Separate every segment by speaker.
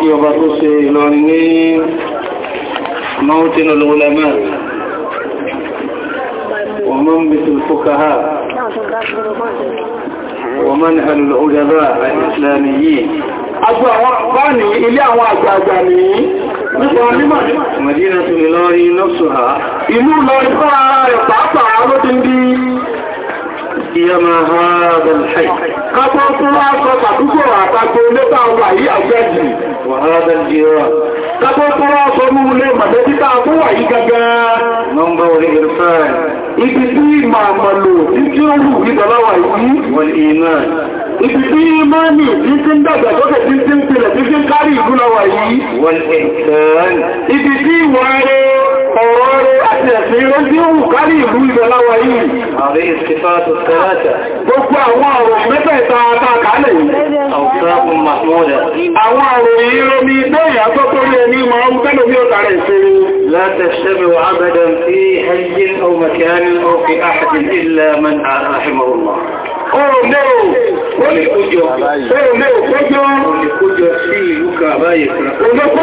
Speaker 1: kí ọba tó ṣe Ìlọrin ní موطن العلماء ومنبت الفقهاء ومنهل العلماء الإسلاميين مدينة الإلاري نفسها إلو لارفع يطعطع عرض بي قيما هذا الحي قطعت الله قطعت قرعة قطعت لطعوا أي أجازي wàhálà jìrọ̀ kápọ́ tọ́rọ ọ̀sọ́rú ilé màtẹ́títà tó wà yí gaga nọ́mbà orí ìrìfẹ́ ibi tí màá màlò tí tí ó rù ní tọ́láwà yìí wọ́n iná ibi tí mọ́nì tí tí ń dàgbà sókè tí tí ń tilẹ̀ tí tí ń kárí ìlú lọ́wà yìí wọ́n ibi tí wọ́n rẹ̀ ọ̀rọ̀ rẹ̀ àtẹ̀sí ó tí ó kárí ìlú ìbẹ̀láwà yìí. Àrí ìsìfà tó tẹ́láta. Gbogbo àwọn ọ̀rọ̀ mẹ́tẹ̀ẹ̀ta àtàkálẹ̀ yìí. Àwọn ọ̀rọ̀ yìí romi bẹ́ẹ̀ àtọ́kọ́rí ẹni máa ń tẹ́lò bí ọ̀tà rẹ̀ ìṣẹ́rí. لا تشتبه أبدا في حي أو مكان أو في أحد إلا من رحمه الله Oòrùn olùkójọ olùkójọ olùkójọ sí ìlú kàbáyé kan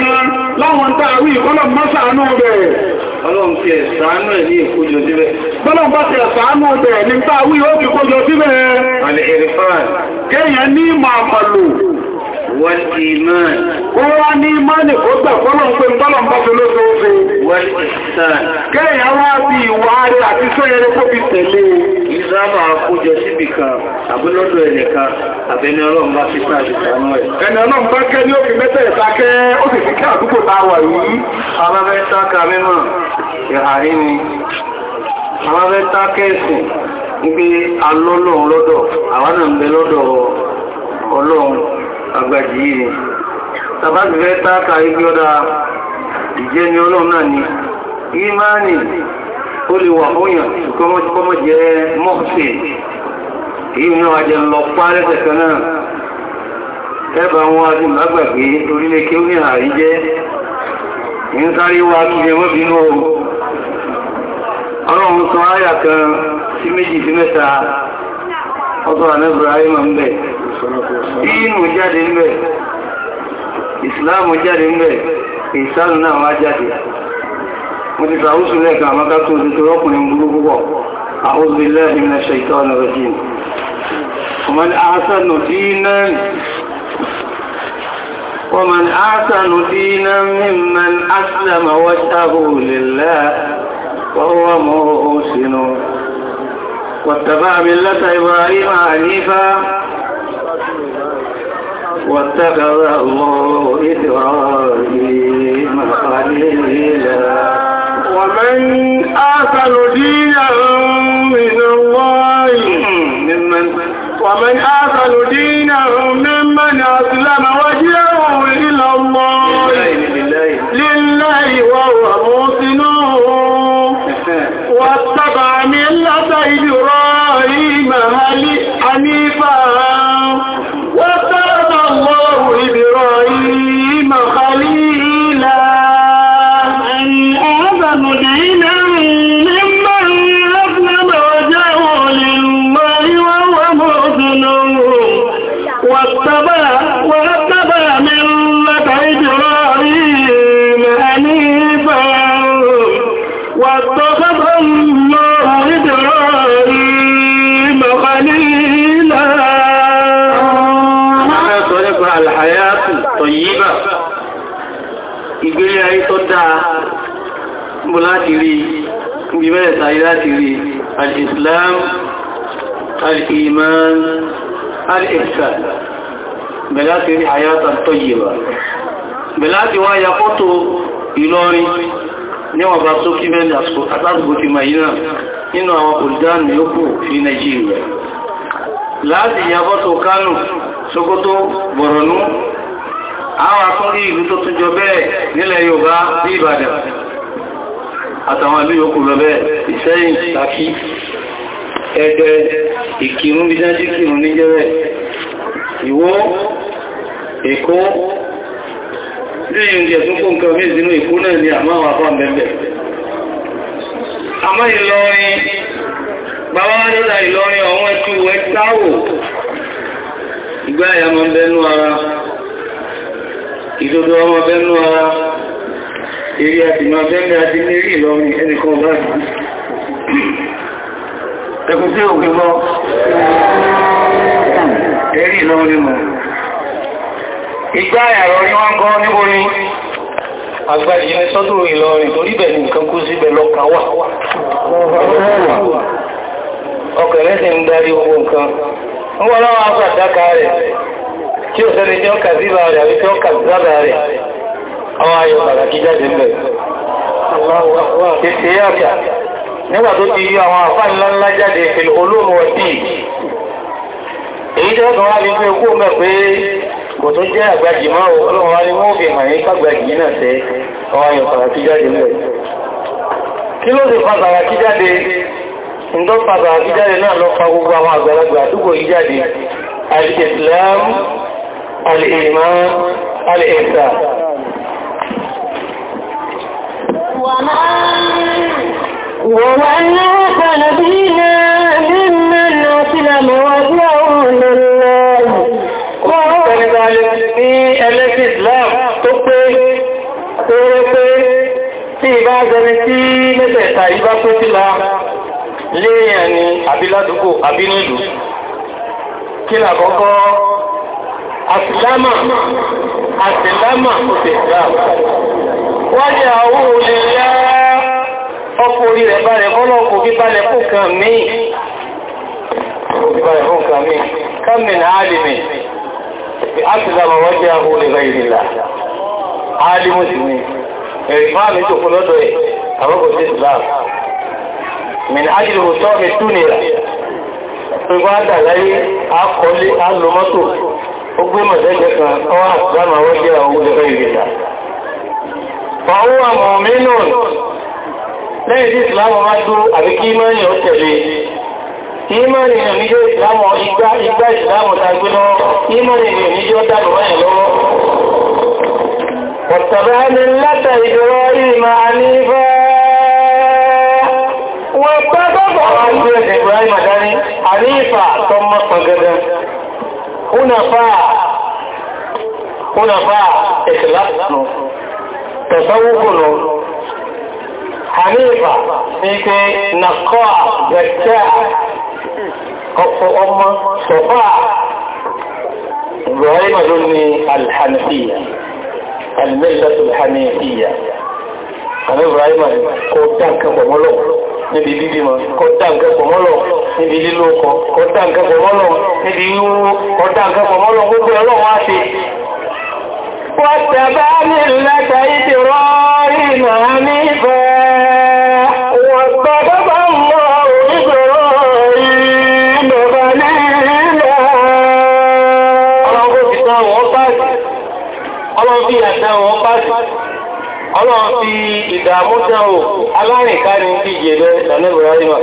Speaker 1: kan láwọn ń tààrí ìkọ́lọ̀ mọ́sàánú rẹ̀ ọlọ́run ti ẹ̀sàánú ẹ̀ ní ìkójọ síbẹ̀ bọ́lọ̀ bá ti ẹ̀sàánú rẹ̀ ní tààrí ó fi kójọ síbẹ̀ wal-iman. ó wá ní ìmánì kó gbà fọ́lọ̀ ń pè ń bọ́lọ̀ ń bá fi lóṣù ó fi. wal-ihsan. kéèyàn wá bí ìwà rẹ̀ àti sóyẹrẹ kó fi tẹ̀lé. ìsáàbà àkójọ síbì kan àbúlọ́dọ̀ ẹnìkan àbẹni ọlọ́run bá fi sáà ti sànú ẹ̀. ẹni ọlọ́run bá kẹ́ ní òfin mẹ́tẹ̀ẹ̀ta kẹ́ ó sì fi kí àdúgbò tá a wà yìí. alábẹ́ sáka mímọ̀ lọ́dọ̀ àwọn náà ń ọlọ́run àgbàjì yìí ni tàbátì fẹ́ táàkà ibi ọ̀dá ìjẹ́ ni ọlọ́run náà ni nì. ó lè wà fúnyàn kọ́mọ́ mọ́ọ̀sì èyí ni wọ́n jẹ́ lọ pa lẹ́sẹ̀ kan náà ẹ̀bà wọn àti lágbàgbé orílẹ̀ kí ó ní àrí jẹ́ ń sáré kí ẹ mọ́ bínú ọlọ́run sọ kan sí méjì sí mẹ́ta ọ̀tọ̀ ń ìmù jáde ń bẹ̀ ìsìláàmù jáde ń bẹ̀ ìsánù náà wá jáde mo ti sàúsù lẹ́ẹ̀kan àmọ́ká tó ti tó rọ́kùnrin burú púpọ̀ أعوذ بالله من الشيطان الرجيم ومن أحسن دينا ومن أحسن دينا ممن أسلم وجهه لله وهو محسن واتبع ملة إبراهيم حنيفا واتخذ الله إبراهيم خليلا ومن آخر دينا من الإسلام الإيمان الإحسان بلاتي الحياة الطيبة بلاتي وهي قطو إلوري níwọ̀n bá sókí mẹ́lẹ̀ àtàgbò ti Màdínà nínú àwọn bùldánù yóò fi Nàìjíríà láti yàbọ́tò Kánò Sókótó Bọ̀rọ̀nú àwọn akọ́rí ìlú tó tún jọ bẹ́ẹ̀ nílẹ̀ Yorùbá bí Ìbàdàn àtàwọn ìlú yòókù lọ bẹ́ẹ̀ Ìṣẹ́yìn Ṣakí ẹgbẹ́ ìkírun bí jájí kírun ní jẹ́rẹ̀ ìwó èkó ní ìjẹ̀ tó kó nǹkan mí ìsinú ìkú náà ni àmá àwọn afọ́ mẹ́bẹ̀ àmá ìlọrin bàbá lọ́dà ìlọrin ọ̀wọ́n ẹkú ìwẹ́ táwò ìgbá àyà mọ́ bẹ́nú ara ìdodo ọmọ bẹ́nú ara eré àti mọ́ bẹ́nú àti ní eré ìlọrin ẹnìkan báyìí ẹkùn tí ò gbígbọ́ ẹ̀rí ìlọ onímọ̀ ìgbà àyàrọ̀ ní wọ́n gọ́ níborí àgbà ìjìnlẹ̀ sọ́dọ̀ Ìlọrin torí bẹ̀ ní nǹkan kú síbẹ̀ lọ́kàn wà ọkẹ̀rẹ́ sì ń darí owó nǹkan ń wọ́n láwọn afọ́dáka rẹ̀ tí ó sẹ́ni tí ó kà sí bá rẹ̀ àbí tí ó kà sí bá rẹ̀ àwọn ayọ̀ pàtàkì jáde ń bẹ̀ nígbà tó ti yí àwọn àfá jáde ìpìlẹ̀ olóòrùn ọdí èyí tẹ́gbọ́n wá ní pé mẹ́ pé kò tó jẹ́ àgbàjì máa ọlọ́run ní wọ́n fi hàn yí kágbàjì náà tẹ́ àwọn jáde mẹ́ kí ló sì fa jáde ǹdọ́ fa jáde náà lọ ووأنك نبينا ممن أسلم وجهه لله ní ẹlẹ́sì Islam tó pé tó rẹ́ pé tí ìbá jẹni àwọ́ olè yá ọkọ̀ orí rẹ̀ balẹ̀ bọ́lọ̀ kò bí balẹ̀ fún kan míì kàmìn alìmì àtìlàmà wọ́jẹ́ àwọn olèrè ìrìnlá alìmù sí ni ẹ̀rìfà mi tó ẹ̀ àwọ́kọ̀ sí Islam min ajìlò tọ́ mi ó gbé kan ọwọ́ àtìlàmà ìrìnlá lẹ́yìn ìsìlámù máa dúró àti kí mẹ́rin ó tẹ̀lé ìmọ̀rin èèyàn níjọ́ ìsìlámù igbá igbá ìsìlámù tàbí lọ ìmọ̀rin èèyàn níjọ́ dàbí mẹ́rin lọ́wọ́ واتبعني لك إبراهيم عنيفا واتبع عنيفا إبراهيم داني عنيفا ثم صددا حنفاء حنفاء إخلاص تصوف Hanifa wípé nàkọ́ àgbẹ̀tẹ́ ọ̀pọ̀ ọmọ sọ̀fà Ibrahim ló ní alhànàfíyà, alìmẹ́lẹ́tò alhànàfíyà. Àmì Ibrahim kò dáǹkẹ́ pọ̀mọ́lọ̀ níbi bíbí mọ́, kò dáǹkẹ́ pọ̀mọ́lọ̀ níbi lílo ọkọ̀, kò dáǹkẹ́ pọ̀mọ́lọ̀ níbi wíwú, kò dáǹkẹ́ pọ̀mọ́lọ̀ gbogbo ọlọ́run á ṣe. Wọ́n tẹ̀bá nílẹ̀ ọlọ́run fi àdáwọ̀ pàṣẹ ọlọ́run fi ìdààmú dáwò alárìnká ní díje lẹ́ lọ́nẹ́bẹ̀rẹ́rìnà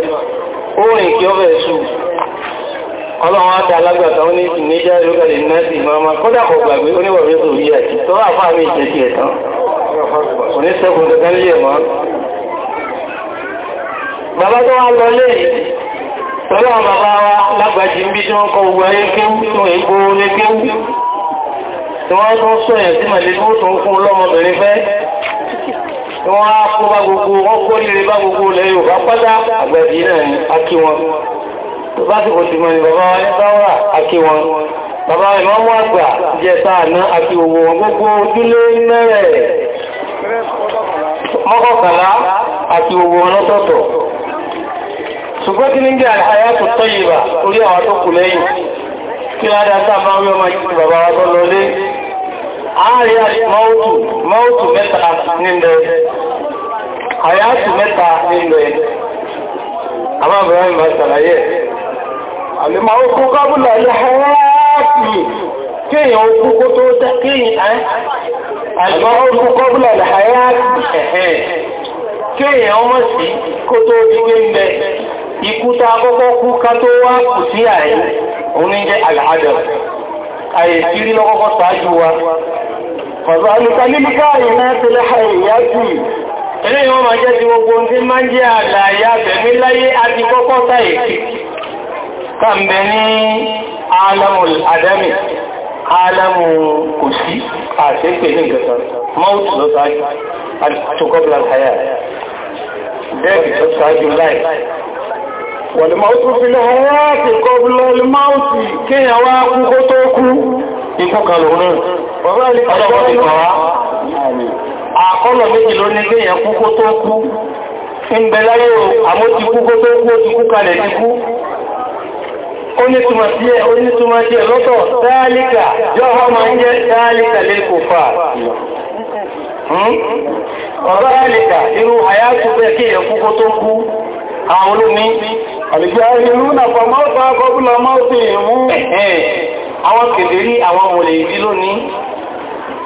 Speaker 1: ó rìn kí ó bẹ̀ ṣù ọlọ́run á dá alágbàtà ó ní ìníjá ìrókàlẹ̀ nẹ́sì máa kọ́dà kọ̀ gbàgbé oníwọ̀wé tó yí àti tó àfáà ní ìjẹ́ ti ẹ̀tàn òní sẹ́kùn dandan lè mọ́ bàbá tó wá lọ lé tọ́lọ́ bàbá wa lágbàjì ń bí tí wọ́n kọ gbogbo ayé kéwú tó ègbó lé kéwú tí wọ́n tún sọ èèyàn sí màlẹ́ ní ó tún fún lọ́mọbìnrin fẹ́ tí wọ́n á kó bá gbogbo wọ́n kó líle bá gbogbo ilẹ̀ Yorùbá pátá àgbàdì náà ni a kí wọn tó bá ti kò ti mọ̀ ní bàbá wa ní sáwà a kí wọn bàbá ìmọ̀mú àgbà jẹta àná a kí gbogbo wọn gbogbo ojúlé mẹ́rẹ̀ mọ́kànlá a kí gbogbo wọn lọ́tọ̀ọ̀tọ̀ ṣùgbọ́n kí ní jẹ́ àyàtò tọ́yìnbà orí àwọn tó kù lẹ́yìn kí ládá sáà máa ń rí wa tó lọlé ààrẹ mọ́ọ̀tù mọ́ọ̀tù mẹ́ta nílẹ̀ àyàtù mẹ́ta nílẹ̀ àmàbìnrin ìmọ̀ ìsàlàyé àlèmà okú kábùlà lẹ́hàáàtì kéèyàn okú kó tó tẹ́ kéèyàn àlèmà okú kábùlà lẹ́hàáàtì ẹ̀hẹ́ kéèyàn ọmọ sí kó tó dígbé ń bẹ ikú tá kọ́kọ́ kú ká tó wá kù sí àyè òun ní jẹ́ àlàádà àyè sírí lọ́kọ́kọ́ sáájú wa فذلك للكائنات الحية Ilé ìwọ́n máa jẹ́ ti gbogbo tí máa ń jẹ́ àlàyé àbẹ̀mí láyé àti kọ́kọ́ sáyé kàmbẹ̀ ní alamu adami, alamu kò sí àti pè ní ìgbẹ̀ta, mọ́ọ̀tù ló sáájú, àtúkọ́bla àyà, bẹ́ẹ̀kì tó sáájú láì.
Speaker 2: Wọ̀lùmọ́ọ̀tù fi lẹ́
Speaker 1: ikú kan lòun náà ọlọ́wọ́ ti kọ̀ wá àkọ́lọ̀ méjì ló ní gbéyàn kú kó tó kú ń bẹ láyé o àmọ́ ti kú kó tó kú ó ti kú kalẹ̀ ti kú ó ní túnmọ̀ sí ẹ̀ ó ní túnmọ̀ sí ẹ̀ lọ́tọ̀ táálíkà yọ́wọ́ máa ń jẹ́ táálíkà lè kò fà ọ̀rọ̀ hmm? táálíkà irú àyájú bẹ́ẹ̀ kí èèyàn kú kó àwọn kèfèrí àwọn mọ̀lẹ̀ ìdí lónìí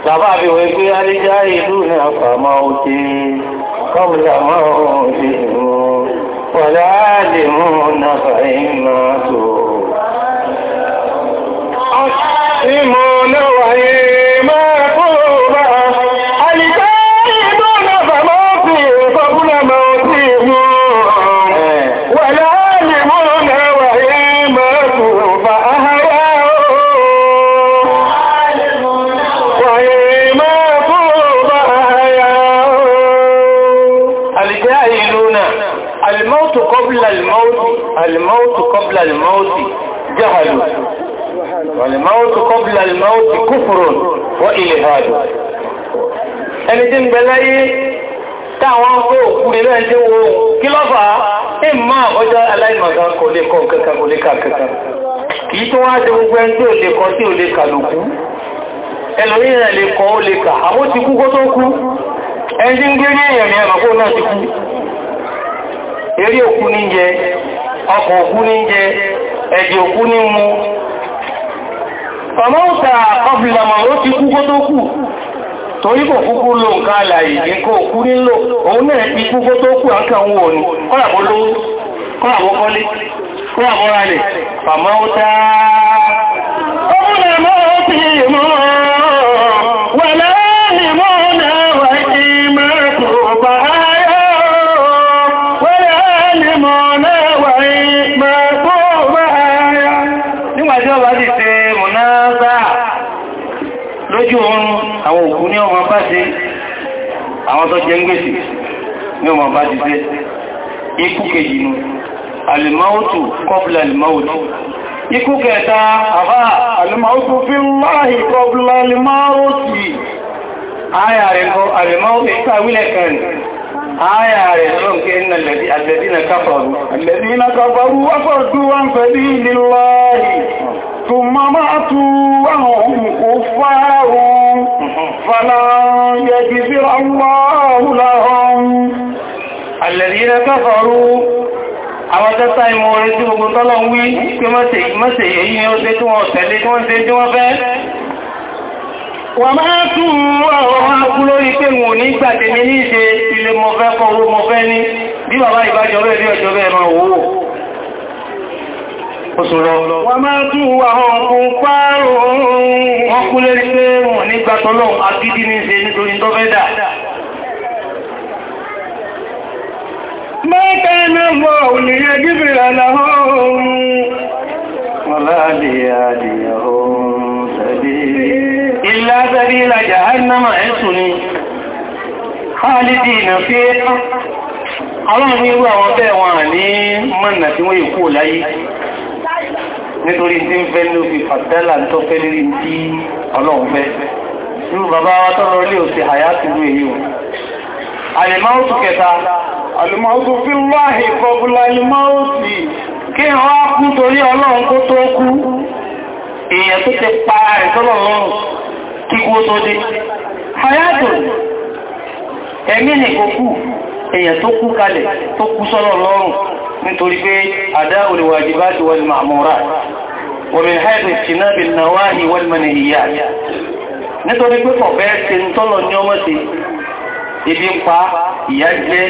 Speaker 1: bàbá àbí wọ́n pé alẹ́já ìlú ní àpàmọ́ òkè kọ́bùlà mọ́ òkè wọ́n láàrín mọ́ náà kankan kìí tó wá jẹ gbogbo ẹni tí ò lè kọ tí ò lè kà lòkú ẹlòmí rẹ̀ lè kọ ó lè kà àmó ti kú kó tó kú ẹni tí ń gbé ní èèyàn ni àmàkó náà ti kú eré òkú ní jẹ ọkọ̀ òkú ní jẹ ẹ̀jẹ̀ òkú ní mu ọmọ òta ọbìlàmọ̀ ó ti kú kó tó kú torí kò kúkú ló ń ká àlàyé ní kò kú nílò òun náà ti kú kó tó kú àkàwọn òní kọ́làbọ́ lówó kọ́làbọ́ kọ́lé fún àmọ́ra rẹ̀ fàmọ́ta ọmọdé mọ́ ti mọ́ wà láàrin mọ́ náà wà ní mẹ́rẹ̀kù ọba ayọ́ wà láàrin mọ́ náà wà ní mẹ́rẹ̀kù ọba ayọ́ nígbàtí ọba ti ṣe mọ̀náza lójú oorun àwọn òkú ní ọmọ bá alìmọ́ọ̀tù kọbùlà alìmọ́ọ̀tù ikú kẹta àbá alìmọ́ọ̀tù fi láàáhì kọbùlà alìmọ́ọ̀tù ayà rẹ̀ kọ alìmọ́ọ̀tù ìtàwílẹ̀ kan ayà rẹ̀ lọ́n kẹ́ ní alẹ́dínà káfàrú alẹ́dínà káfàrú wáfàdú wọn pẹ̀lú ìlúláàhì tó máa tú àwọn àwọn tẹ́sà ìmọ̀ orin tí gbogbo tọ́lọ ń wí pé mọ́sẹ̀ èyí ni ó tẹ́ tí wọ́n tẹ̀lé tí wọ́n tẹ́ tí wọ́n fẹ́ wà máa tún àwọn akú lórí pé wọn ò ní gbàtẹ̀ mi ní ìṣe ilé mọ̀ fẹ́ kọ owó mọ̀ fẹ́ ní bí bàbá ìbájọ́ rẹ̀ ní ọjọ́ bẹ́ẹ̀ máa wò ó sọ̀rọ̀ wà máa tún àwọn ọkùn pààrùn ún wọ́n kú lórí pé wọn ò ní gbàtọ́lọ́ ما كان الله ليجبر لهم ولا ليهديهم سبيلا إلا سبيل جهنم عصني خالدين فيها Àwọn ní irú àwọn bẹ́ẹ̀ wọn ní mọ́nà tí wọ́n ìkú láyé nítorí tí ń fẹ́ ló fi fàtẹ́là tó fẹ́ lérí tí ọlọ́run fẹ́. Irú bàbá wa tọ́rọ ilé òsì àyá ti lú èyí o. Àyẹ̀máwó tó kẹta alìmọ́tò fi láàáhì pọ̀bùlà ìmọ́ọ̀tì kí wọ́n á kú torí ọlọ́run kó tó kú èèyàn tó ti pa rẹ̀ tọ́lọ̀run kíkú tó dé hayatò ẹ̀mí nìkó kú èèyàn tó kú kalẹ̀ tó kú sọ́lọ̀run nítorí pé àdá olùwàjìbájú wal ma'mura ومن حيث اجتناب ń pa ìyá jẹ́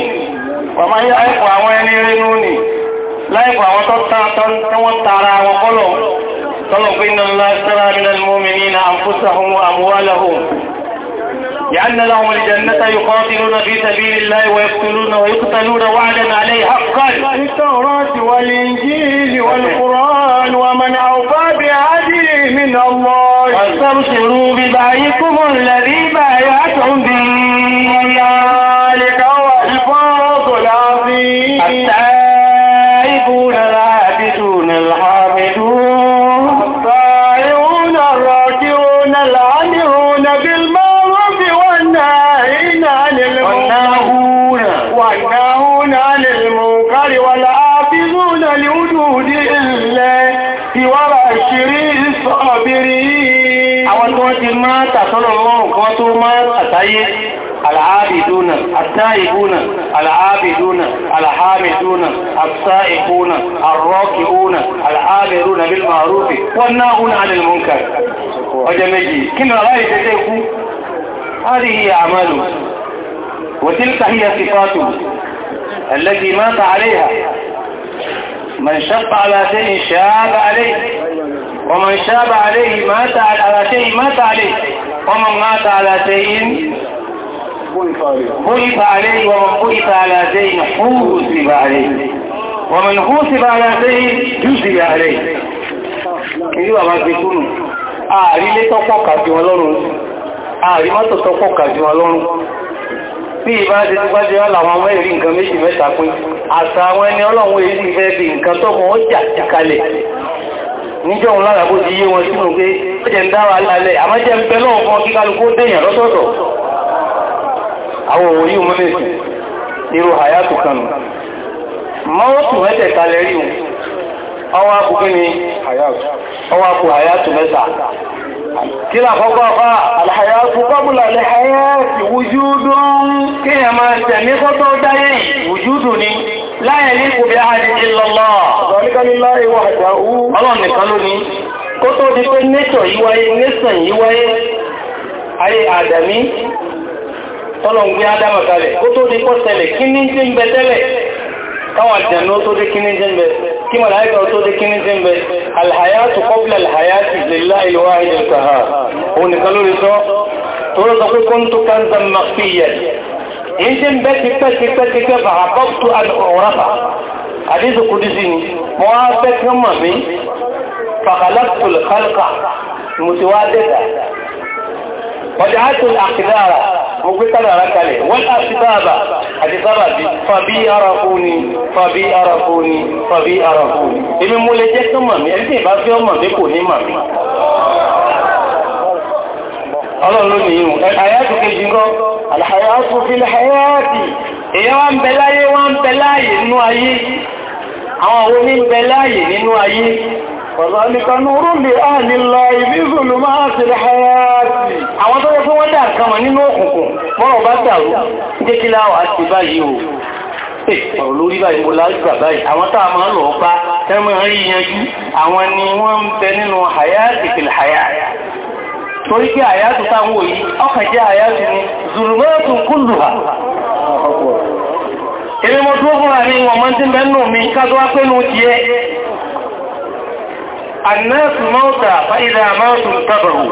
Speaker 1: bàbá yí láìpọ̀ àwọn ẹni rínú nì láìpọ̀ àwọn tó wọ́n tààrà àwọn kọ́lọ̀ tọ́lọ̀ pé iná ńlá sára nínú mọ́mìnì na àǹfúsà ohun àmúwálàhùn لأن لهم الجنة يقاتلون في سبيل الله ويقتلون ويقتلون وعدا عليه حقا التوراة والإنجيل والقرآن ومن أوفى بعدل من الله فاستبشروا ببعيكم الذي بايعتم به التائبون العابدون الحامدون السائقون الراكعون العابرون بالمعروف والناهون عن المنكر وجمجي كما رأيت تيكو هذه هي أعماله وتلك هي صفاته التي مات عليها من شق على شيء شاب عليه ومن شاب عليه مات على شيء مات عليه ومن مات على شيء خلف عليه ومن خلف على زين حوسب عليه ومن حوسب على زين جزي عليه ìlú àwọn agbẹ̀kúnnù ààrí ilé tọ́pọ̀ kàjú wọn lọ́rùn ààrí mọ́tò tọ́pọ̀ kàjú wọn lọ́rùn bí ìbá ṣe tí bá jẹ́ láwọn ọmọ ìrí nǹkan méjì mẹ́ta pín àṣà àwọn ẹni ọlọ́run èyí fẹ́ bí nǹkan tọ́pọ̀ àwọn òwò yìí mú nìsìn irú hayatu kanu mọ́ọ̀tù mẹ́tẹ̀ẹ̀ta lẹ́rí ọwọ́ akù kí ni ọwọ́ akù hayatu mẹ́ta kí lákọ́kọ́ ọkọ́ alhayatu kọ́bùlà lè hayati wujudun kí ẹ máa tẹ̀mí kọ́ tó dáyé wujudun ni láyẹ̀ ní kò bí ahadin illallah ọlọ́run nìkan lónìí kó tó tọ́lọ̀ ń gbé ádámà kalẹ̀ ó tó di pọ́ tẹ́lẹ̀ kí ní tí ń bẹ tẹ́lẹ̀ káwọn àjẹ̀nú tó dé kí ní tí ń bẹ kí màláíkà tó dé kí ní tí ń bẹ alhayatu qabla alhayati lillahi al-wahid al-qahhar òun nìkan lórí sọ tó rọ́ sọ pé kuntu kanzan makhfiyyan èyí tí ń bẹ ti pẹ́ ti pẹ́ ti pẹ́ bàrà bọ́ọ̀tù àdọ̀rọ̀fà àdíṣe kò dísí ni mo wá fẹ́ kí mọ̀ mí fàkàlàkùl kálkà mo ti wá dẹ́ta
Speaker 2: ọjà àti àkìdára
Speaker 1: gbogbo kádàrá kalẹ̀ wọ́n àṣìbáàbà àti sábàbí fàbí ara fún fàbí ara fún ni fàbí ara fún ni jẹ́ sọ́mọ̀ mi ẹni tí ìbá fẹ́ ọmọ mi kò ní mà mí fi وذلك نور a الله بظلمات الحياة àwọn tó yẹ fún wọ́n dà kan nínú òkùnkùn mọ́rọ̀ bá dàrú jẹ́ kí láwọ̀ báyìí o ọ̀rọ̀ lórí báyìí mo lágbà báyìí àwọn tàà máa lọ pa tẹ́mọ̀ rí hayati hayati annasu mọ́ta fa'ida mọ́tù tàbàrù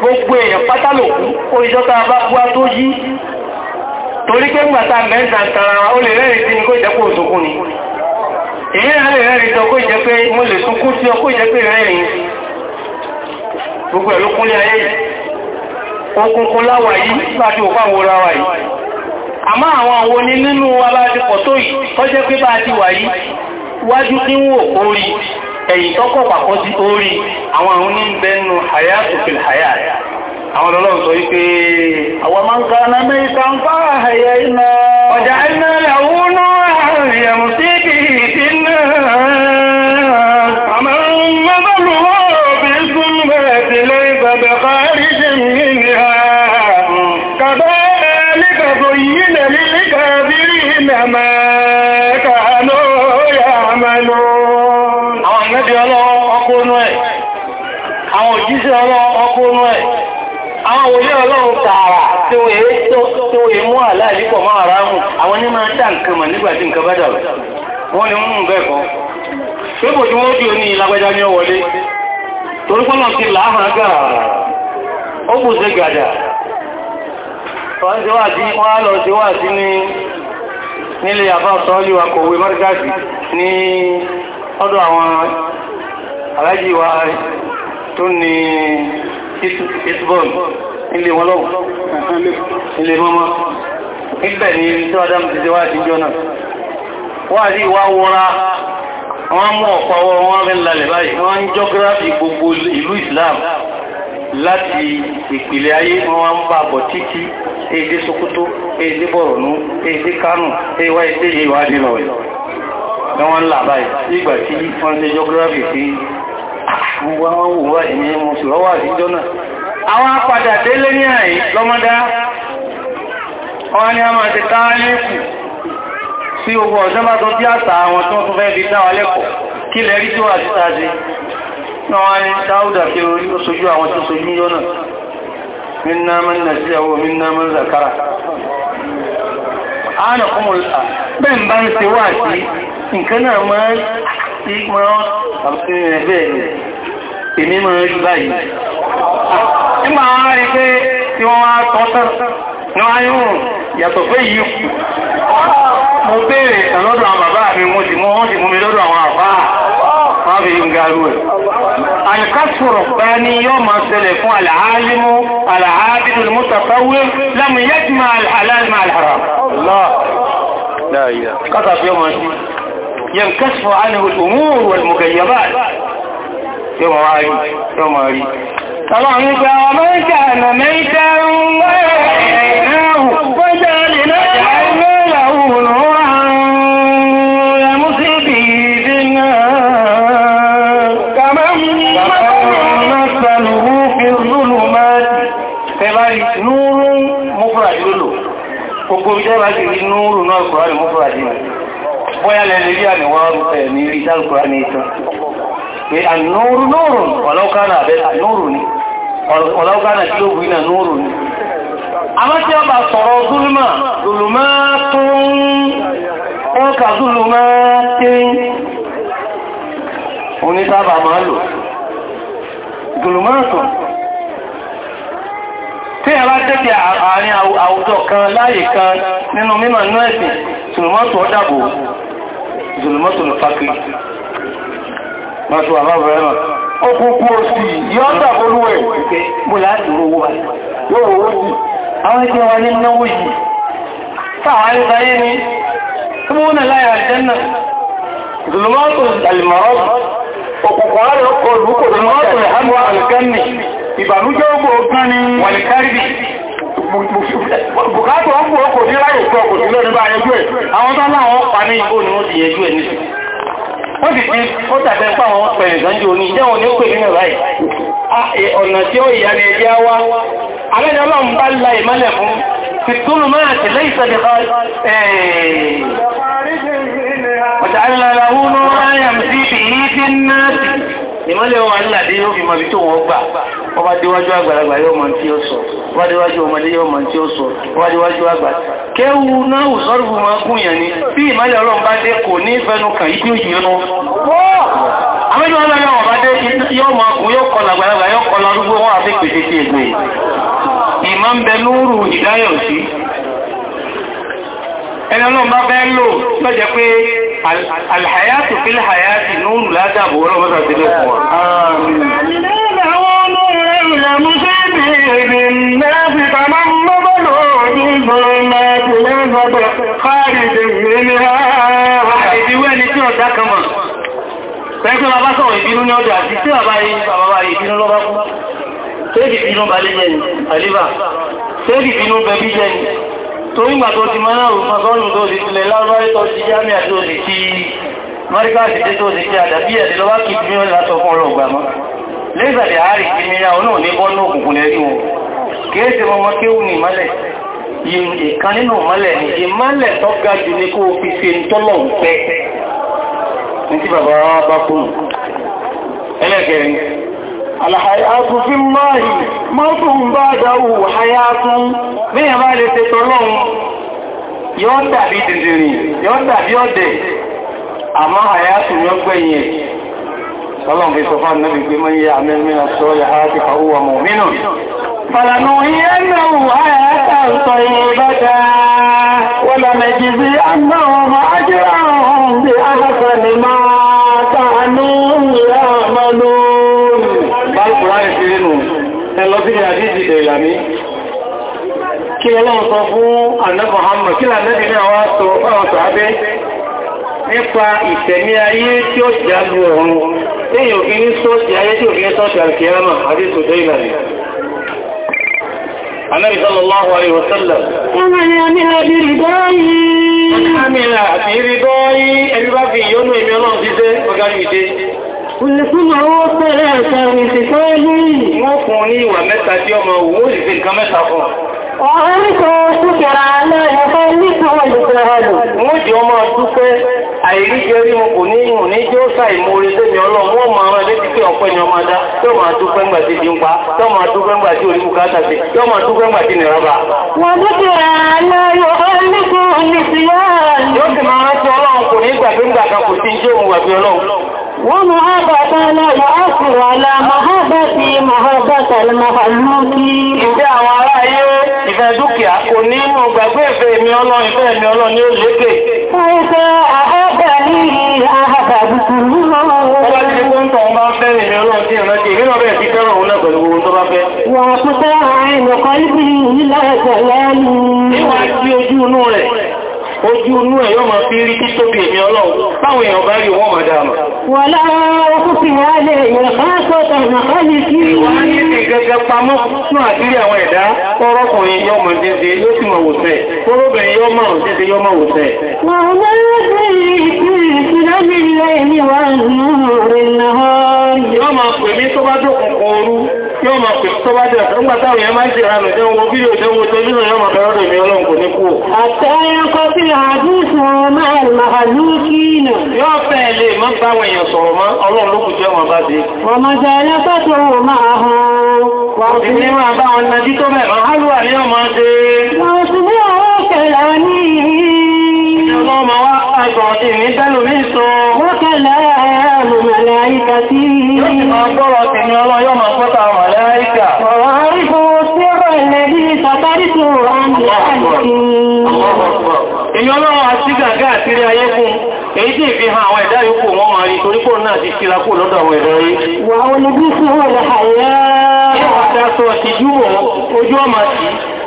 Speaker 1: gbogbo èèyàn pátálòkú oríṣọ́ta bá tó yí torí pé gbàta mẹ́ta tara ó lè rẹ́rìn kó ni èyí rẹ̀ rẹ́rìn tó kó ìjẹ́ pé lè sunkún sí ọkó ìjẹ́ rẹ́rìn gbogbo ẹ̀lú ẹ̀yìn tọ́kọ̀ pàpọ̀ sí orí àwọn àwọn ní bẹnu àyà òfin àyà rẹ̀ àwọn ọlọ́run sọ wípé àwọn máa ń ká náà mẹ́ta ń fà àyà iná ọjà iná làwọn náà àrìyàmù sí kìí ما كانوا يعملون ànábì ọlọ́wọ́ ẹ̀ àwọn òjíṣẹ́ ọlọ́wọ́ ẹ̀ àwọn òye ọlọ́run tí ó èé tó tó èmú àláìlípọ̀ máa ara mú àwọn ní máa nǹkan mọ̀ nígbàtí nǹkan bá wọ́n ni mú bẹ́ẹ̀ kan pé kò tí wọ́n jù ní ìlágbẹ́já ní ọwọ́lé torí ti láàmà ti ọdọ̀ àwọn aláàjì wa tó ní isbon ilé wọn lọ́wọ́ ilé mọ́mọ́ nígbẹ̀ ni tó adam ti jẹ́ wá ti jọ náà wá sí wá wọ́ra wọ́n mú ọ̀pọ̀ wọ́n rẹ̀ lálẹ̀ báyìí wọ́n ń jọ́gráfì gbogbo ìlú Islam láti ìpìlẹ̀ ayé wọ́n ń bá bọ̀ títí èdè Sokoto èdè Borno èdè Kánò èwà èdè ìwádìí lọ́wọ́ kan wọ́n là báyìí nígbà tí wọ́n ṣe geography sí àwọn wòwà ìní mùsùlọ́wà àtijọ́ náà àwọn apadà délé ní àyí lọ́mọdá wọ́n ni a máa ti ká lẹ́kù sí ogun ọ̀sẹ́ bá tó bí àtà àwọn tó tún fẹ́ fi dáwà lẹ́kọ̀ọ́ kí lẹ rí tí wà sí tàbí náà wọ́n ni dáúdà kí ó sojú àwọn àánà fún mọ̀lá bẹ́ẹ̀ bá ń ṣe wà sí nǹkan náà máa sí máa àbúrẹ́ rẹ̀ bẹ́ẹ̀ ni èmi máa rí báyìí nígbà wọ́n rí pé tí wọ́n wá tọ́tán ní wọ́n hmm, yóò yàtọ̀ pé yìí kù mo béèrè lọ́dọ̀ àwọn bàbá mi mo sì mú mi lọ́dọ̀ àwọn àbá القصف الرباني يوم السلف العالم العابد المتصور لم يجمع الحلال مع الحرام الله لا إله قطف يوم ينكشف عنه الأمور والمغيبات يوم عالي يوم عالي طبعا ومن كان ميتا alùkùrá ní mọ́fúra jù bóyá lẹ́lẹ́ rí àmì wọ́n rúfẹ́ ní rí alùkùrá ní ìtàn pé ànúrù nóòrù ọlọ́kánà àbẹ́ta nóòrù ni ọlọ́kánà tí ó bú iná nóòrù ni a má tí a bá sọ̀rọ̀ zulma zulma tó ń ọkà zulma tí onísábà máa lò zulma tó tí ẹ bá tẹ́kì àárín àwùjọ kan láyé kan nínú mímọ̀ inú ẹ̀sìn zulmọ́tò ọ̀dàbò zulmọ́tò lùfàkì mọ́tò àbábẹ̀rẹ̀ náà ó kú kú oṣù yọ́ dàbólúwẹ̀ mú láti rówó wà yóò rówó sí àwọn ẹgbẹ́ wa ní náwó yìí táwọn ayé ni tí wọ́n náà láyé àjẹ́nà zulmọ́tò alìmọ̀rọ̀ òkùnkùn ìbànújẹ́ ó gbòógán ni wàlìkárìbì bùkátà ó gbòó kò ní ráyè sọ kò sí lónìí bá yẹjú ẹ̀ àwọn tó láwọn pa ní ìbò ni wọ́n ti yẹjú ẹ̀ nísìn ó sì fi ó tàbẹ́ pa àwọn pẹ̀lẹ̀ ìdánjú oní jẹ́ wọn ni ó pè nínú ráyè ọ̀nà tí ó ìyá ni ẹjẹ́ wá alẹ́ni ọlọ́run bá la ìmọ́lẹ̀ fún fìtúrù máa tẹ̀lé ìsẹ̀lẹ̀ ọ̀tà ìmọ́lẹ̀ wọn ní àdé yóò fi mọ ibi tó wọ́n gbà ọba déwájú àgbàlagbà yóò mọ tí ó sọ ọba déwájú ọmọdé yóò mọ tí ó sọ ọba déwájú àgbà kéwu náà sọ́rùfù wọn kún yẹn ni bí ìmọ́lẹ̀ ọlọ́run bá dé kò ní fẹnu kàn yí tí ó yìí nú ẹni ọlọ́run bá fẹ́ lò yóò jẹ́ pé alhayatu fil hayati nóòrù ládàbò ọlọ́run bá ti lè fún ọ. Pẹ́kún bàbá sọ̀rọ̀ ìbínú ní ọjọ́ àti tí bàbá yìí bàbá yìí lọ́bá kú. Tẹ́ẹ̀dì bínú balé jẹ́ ni, àlébà. bínú bẹbí jẹ́ torí gbà tó ti máa náà rùn fọ́nù tó ti tilẹ̀ lábárí tó ti jámì àti ó ti ti mọ́ríkàtì tí tó ti ti àdàbí ẹ̀dẹ̀ lọ́wọ́ kì í mìíràn látọ̀ fún ọ̀rọ̀ ọ̀gbàmọ́ lẹ́gbàdẹ̀ àárí ti mìíràn onáà ní bọ́nú òkùnkùn lẹ́rí wọn kìí ṣe ni ìmọ́lẹ̀ tó ga alhayatu fi Allahi mọ́tún bá dáwò hayatun ní ẹ̀má lè ṣe tọ́lọ́run yọ́ dàbí dìndìnrìn yọ́ dàbí ọ̀dẹ̀ àmọ́ hayatun yọ́ gbẹ̀yìn ẹ̀ tọ́lọ́run fi sọ fún ànábì pé mọ́ yẹ amẹ́mìnà sọ yà á ti fàwọ́ mọ̀mínà
Speaker 2: fàlànà ìyẹ́nàwó hayata sọ ìbátà
Speaker 1: ìgbàmí kí ọlọ́run sọ fún ànábì Muhammad kí lànẹ́bì náà wá sọ fáwọn sàábẹ́ nípa ìtẹ̀mí ayé tí ó jà lù ọ̀run téèyàn kí ní sọ́ọ̀tì ayé tí ò kí ní sọ́ọ̀tì alkiyama àti sọ̀tẹ́ ìlànà Ànábì sallallahu alaihi wasallam. Ọmọ ni a ní àbí rìbọ́yí. Àmì Olùkúnmọ̀ owó pẹ̀lẹ̀ ẹ̀ta ìrìnṣẹ̀ tó rí. Wọ́n fún ní ìwà mẹ́ta tí ọmọ owó ìfẹ́ nǹkan mẹ́ta fún. Ọ̀rẹ́ tó ṣúkẹ̀rà lẹ́yìn fẹ́ nípa olùkẹ̀rẹ̀. Wọ́n jẹ́ ọmọ dúpẹ́ àìríjẹ rí mo kò ní ìhùn ní jẹ́ ó ṣàìmóore tẹ́mi ọlọ́run wọ́n máa rán létí pé ọ̀pẹ́ ni ọmọ adá tó máa dúpẹ́ ńgbà tí di ń pa tó máa dúpẹ́ ńgbà tí orí bùkátà sí tó máa dúpẹ́ ńgbà tí nìrọ́bà. wọ́n dúpẹ́ aláyọ̀ ọlẹ́kùn ní síyá. yóò sì máa rántí ọlọ́run kò ní gbàgbé ńgbà kan kò sí ń jẹ́ òun wàbí ọlọ́run ومحبة لا يؤثر على محبة محبة المخلوق Ìfẹ́ àwọn ará ayé ìfẹ́ dúkìá kò ní mú gbàgbé ìfẹ́ mi ọlọ́run ìfẹ́ mi ni ó lékè. Àìsẹ́ àhábà ní ti tí ti fẹ́ràn òun náà pẹ̀lú ohun tó bá fẹ́. Wà á kúta ojú inú rẹ̀ ojú inú ẹ̀ yọ́ ma fi rí títóbi èmi ọlọ́run táwọn èèyàn bá rí wọ́n máa dáàmà. wà láàárọ̀ ọkùn fi wà lè yẹ̀ fásọ̀ tàbí àkọ́lì sí ìwà ní ti gẹ́gẹ́ pamọ́ fún àtírí àwọn ẹ̀dá ọrọ́kùnrin yọ́ mọ̀ dídé yóò sì mọ̀ wòsẹ̀ kóróbìnrin yọ́ mọ̀ dídé yọ́ mọ̀ wòsẹ̀. wà láàárín ìpínlẹ̀ ìpínlẹ̀ yóò máa pè tó bá jẹ́ nígbà táwọn máa ń jẹ́ ìranù jẹ́ owó fídíò jẹ́ owó tẹ́lú ìyàn máa bẹ̀rẹ̀ rẹ̀ mi ní kú. àtẹ́yẹ́kọ́ sí àdúsùn ọmọ ẹ̀lọ́ha lókìínà. ti ní máa sọ. wọ́n kẹlẹ̀ ẹ̀rọ màláìkà yóò ti máa gbọ́rọ̀ tẹ̀mí ọlọ́ máa pọ́ta Èyàn lọ́wọ́ àti gàgá àtìrí ayé fún èyí tí ìfihàn àwọn ẹ̀dá yòókù wọn máa rí torípò náà ti ṣíra kò lọ́dọ̀ àwọn ẹ̀dá rí. Wà ó ní bí sí ọ̀rẹ̀ àyá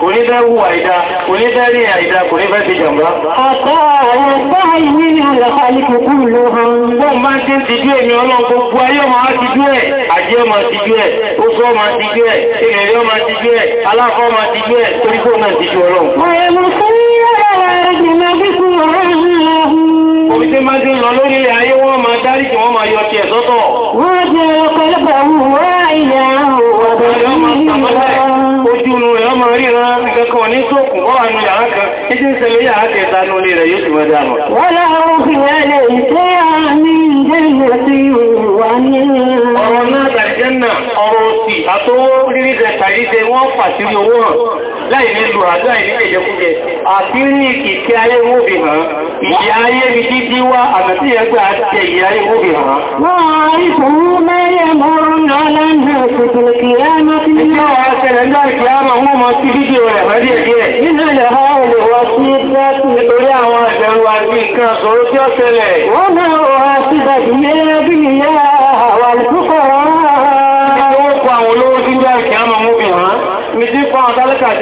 Speaker 1: kò ní fẹ́ wù àìdá kò ní fẹ́ rí àìdá kò ní fẹ́ ti jàmbá. ọ̀pọ̀ àwọn ọ̀pọ̀ àìní ni àlàkà ní kòkú ló hàn. bọ́n bá ń tí ń tijú ẹ̀mí ọlọ́run gbogbo ayé ọmọ á tijú ẹ̀ àjẹ́ ọmọ tijú ẹ̀ oṣù ọmọ tijú ẹ̀ ìrẹ̀lẹ̀ ọmọ tijú ẹ̀ aláfọ́ ọmọ tijú ẹ̀ torí fóònù náà tijú ọlọ́run. ọ̀rẹ́mọ̀ fún yàrá rẹ̀ ní sókùn bọ́ wà ní yàrá kan títí ń ṣẹlẹ̀ yàrá kẹta ní rẹ̀ yóò ti mọ́dá mọ̀. wọ́n láàrùn fi ẹ̀lẹ̀ ìtẹ́ àmì ìdẹ́yẹ̀ sí wà ní ọ̀rọ̀ náà súnnà ọrọ̀ òsì àtọwọ́ rírìzẹ̀ tàríṣẹ́ wọ́n fà owó hàn láì ní lù àdó àìní ìjẹkújẹ àti ní ìkẹ́ ayé wó fi hàn ìyà ayé mi tí wá àmàtí ẹgbẹ́ àti ìyà ayé wó fi hàn Wọ́n máa wọ́n á sí bàbí mẹ́rin bí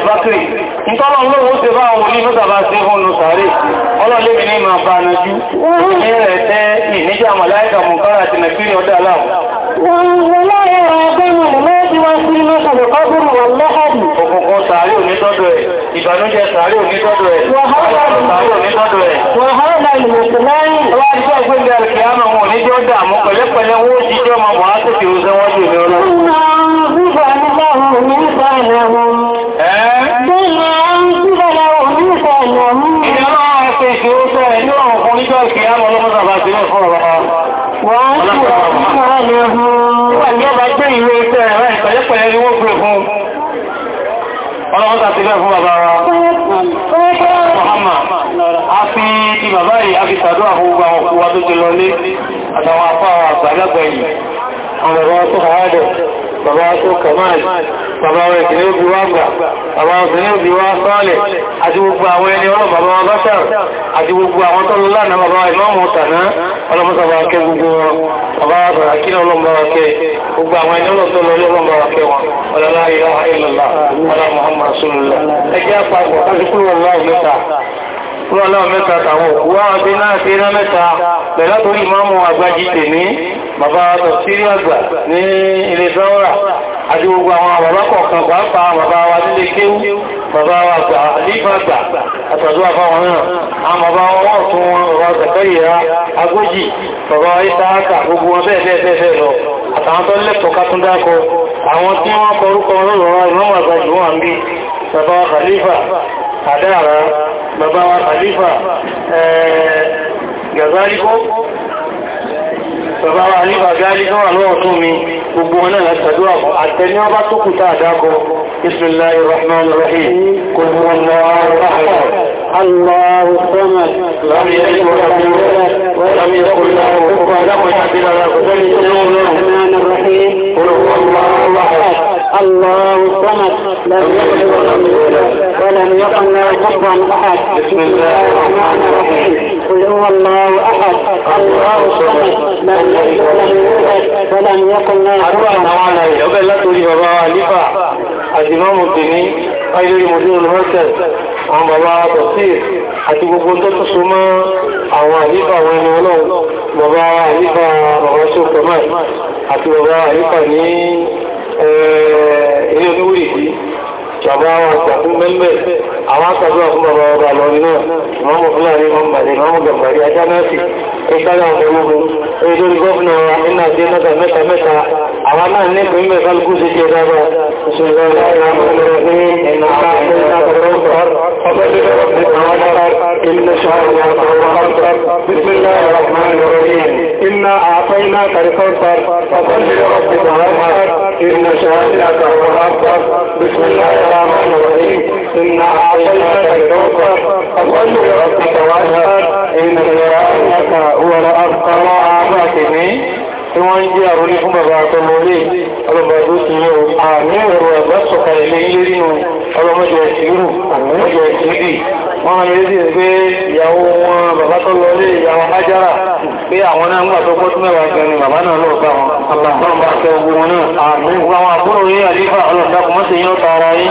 Speaker 1: àbúbákìrì nítọ́lọ̀ olóòwò ṣe bá wọn ní mẹ́sàbá sí ọ̀nà sàárè ọlọ́lẹ́bì ní ma bá na jú ní tẹ́ ìníjà màláìkà mú kára ti nàìjíríà ọdá aláwọ̀ Òkùnkùn sàárè onítọ́dọ̀ ẹ̀, ìbànújẹ́ sàárè onítọ́dọ̀ ẹ̀, àwọn sàárè onítọ́dọ̀ ẹ̀. Wọ́n hàn láì mọ̀sùn láì. Wọ́n á jẹ́ ìgbẹ́gbẹ́ alìkẹ́ àmà wọn ní jọ́ dàmú pẹ̀lẹ́pẹ̀lẹ́ wó jíjọ́ mọ̀ wọ́n á tó fi rúzẹ́ wọ́n jù ní ọlọ́run. ti lọlé àtàwọn afáwà àgbàlagbà yìí àwọn bàbá tó hàádọ̀ bàbá tó kàmáàlì bàbá rẹ̀ kìí ó bí wá gbà bàbá obìnrin bí wá sọ́ọ̀lẹ̀ àti gbogbo àwọn ẹni ọlọ́ bàbá wọn báṣàrù àti gbogbo àwọn tó lọ́nà bàbá ìmọ́mù tàná ọlọ́mọ́sàbà kẹ gbogbo wọn bàbá àbàrà kí ọlọ́mọ́ra kẹ gbogbo àwọn ẹni ọlọ́tọ́ lọ ọlọ́mọ́ra kẹ wọn ọlọ́lá ìlà ìlàlá ọlọ́mọ́ fún ọlọ́run mẹ́ta tàwọn òkú wá ọdún náà sí iná mẹ́ta pẹ̀látorí ìmáàmù àgbájí tèmi bàbá tọ̀sírí àgbà ní ilé sáwọ́rà àti gbogbo àwọn bàbá kọ̀ọ̀kan pàápàá bàbá wa nílé kéwú bàbá wa gbà nípa gbà àtàdúrà fáwọn náà àwọn bàbá wọn wọ́n tún wọn bàbá zakariya agójì bàbá isaaka gbogbo wọn bẹ́ẹ̀ bẹ́ẹ̀ bẹ́ẹ̀ lọ àtàwọn tó lẹ́tọ̀ọ́ ká tún àwọn tí wọ́n kọrúkọ بابا خليفة اه، جزاليكو بابا خليفة جزاليكو أنو أتومي وبوهنا نتدوى أتني أبطو كتا داكو بسم الله الرحمن الرحيم قل هو الله أحد الله الصمد لم يكن ولم يكن له كفوا أحد ولم يكن له كفوا أحد الله صمد لم يلد ولم يولد ولم يكن له كفوا احد بسم الله الرحمن الرحيم قل هو الله احد الله صمد لم يلد ولم يولد ولم يكن له كفوا احد ọbẹ̀ látòrí bàbá àlífà àti mọ́mù tèmi ayélujára mọ̀dún olùmọ́sẹ̀ àwọn bàbá tọ̀síì àti gbogbo tó tó so mọ́ àwọn àlífà àwọn ẹni ọlọ́run bàbá àlífà bàbá sókè máì àti bàbá àlífà ní ẹ̀ẹ́ ilé oníwúrì yìí bàbá ọ̀sà fún mẹ́lẹ̀ àwọn akọ̀bọ̀ fún bàbá ọba lọ́rí náà ìmọ́mù fúlàní mọ́màdé ìmọ́mù gàmbàrí ajá mẹ́sì ìkálà ọ̀dọ́gbọ́n olórí gọ́ọ̀nà iná sí mẹ́ta mẹ́ta mẹ́ta àwọn náà ní pínlẹ̀ kálukú sí ṣe dáadáa ìṣòro بسم الله الرحمن الرحيم إنا أعطيناك الكوثر فصل لربك وانحر إن شانئك هو الأبتر بسم الله السلام عليك إن أعطيتك الكوثر فصل لربك وانهر إن شانك هو الأبقى وأعطاك tí wọ́n ń jẹ́ àrólé fún bàbá àtọmọ ilé ọlọ́bà tó ti yẹ o àmì ẹ̀rọ ẹ̀bá sọ̀kà ilé ilé nínú ọlọ́mọdé ìrù ọmọdé ìdí wọ́n máa yẹ́ sí pé ìyàwó wọn bàbá tó lọ lé ìyàwó Hájára pé àwọn náà ń gbà tó pọ́tún mẹ́wàá gan ni bàbá náà lọ́ọ̀ bá wọn ọlọ́mọdé àtẹ ogun wọn náà àmì àwọn àbúrò yẹn àlífà ọlọ́dàkùnmọ́sẹ̀ yẹn ó ta ara yín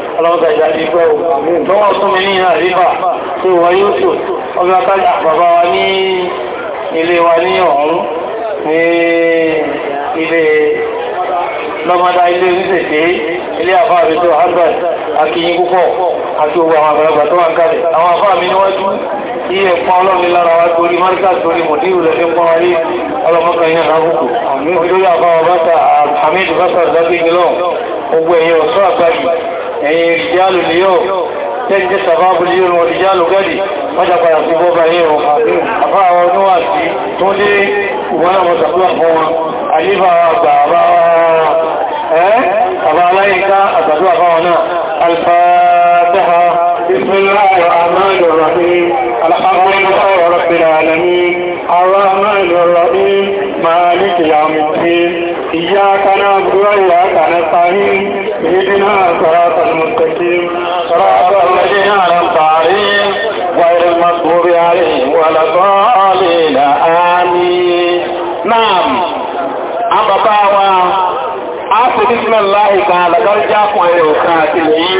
Speaker 1: ọlọ́gbà ìdájí pẹ́ o tó wọ́n fún mi ní ìhàn rífà tó wọ yóò ọgbà kájà bàbá wa ní ilé wa ní ọ̀hún ní ilé lọ́mọdá ilé oníṣẹ̀ṣẹ́ ilé àfá àbí tó harvard akíyín púpọ̀ àti ogun àwọn àgbàlagbà tó wà ń kalẹ̀ àwọn àfá mi níwájú iye ẹ̀pọ̀ ọlọ́run lára wa torí mọ́ríkà torí mọ̀díù lẹ́fẹ́ pọ́n wáyé ọlọ́mọkàn yẹn lábùkù Hamid bá ta ìdágbé gbẹlọ́run ogun ẹ̀yẹ ọ̀ṣọ́ àgbáyé ẹ̀yìn ìdíyàlù ni yóò tẹ́jì jẹ́ sàbábù ní yóò ìdíyàlù gẹ́dì mọ́jà padà sí bọ́bá yìí o àfá àwọn oníwà sí tó ní ìwọ́n àwọn sàkúrà fún wọn àlífà àgbà àbá aláyíká àtàdúrà fáwọn náà alfàtàhà bismillahir rahmanir rahim alhamdulillahi rabbil alamin arrahmanir rahim maliki yawmiddin إياك نعبد وإياك نستعين اهدنا صراط المستقيم صراط الذين أنعمت عليهم غير المغضوب عليهم ولا الضالين آمين نعم أما بعد أعوذ بالله تعالى قد جاءكم أيها الكافرين